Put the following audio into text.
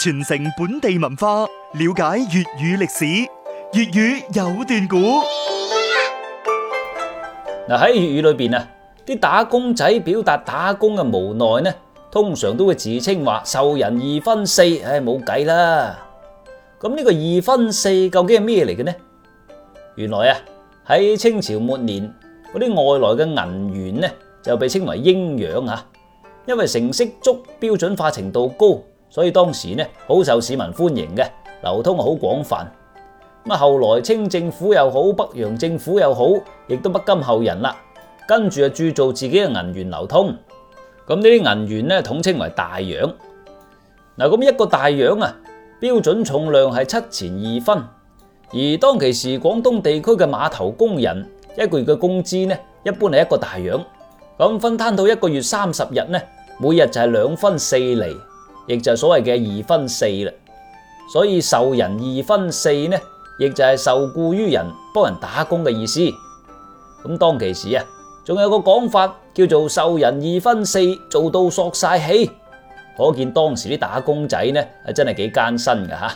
傳承本地文化，了解粵語歷史。粵語有段古嗱，喺粵語裏邊啊，啲打工仔表達打工嘅無奈呢，通常都會自稱話受人二分四，唉，冇計啦。咁呢個二分四究竟係咩嚟嘅呢？原來啊，喺清朝末年，嗰啲外來嘅銀元呢，就被稱為鷹洋啊，因為成色足，標準化程度高。所以當時呢好受市民歡迎嘅，流通好廣泛。咁啊，後來清政府又好，北洋政府又好，亦都不今後人啦。不甘後人跟住啊，鑄造自己嘅銀元流通。咁呢啲銀元呢，統稱為大洋。嗱，咁一個大洋啊，標準重量係七錢二分。而當其時廣東地區嘅碼頭工人一個月嘅工資呢，一般係一個大洋。咁分攤到一個月三十日呢，每日就係兩分四厘。亦就所謂嘅二分四啦，所以受人二分四呢，亦就係受僱於人幫人打工嘅意思。咁當其時啊，仲有個講法叫做受人二分四做到索晒氣，可見當時啲打工仔呢係真係幾艱辛噶吓。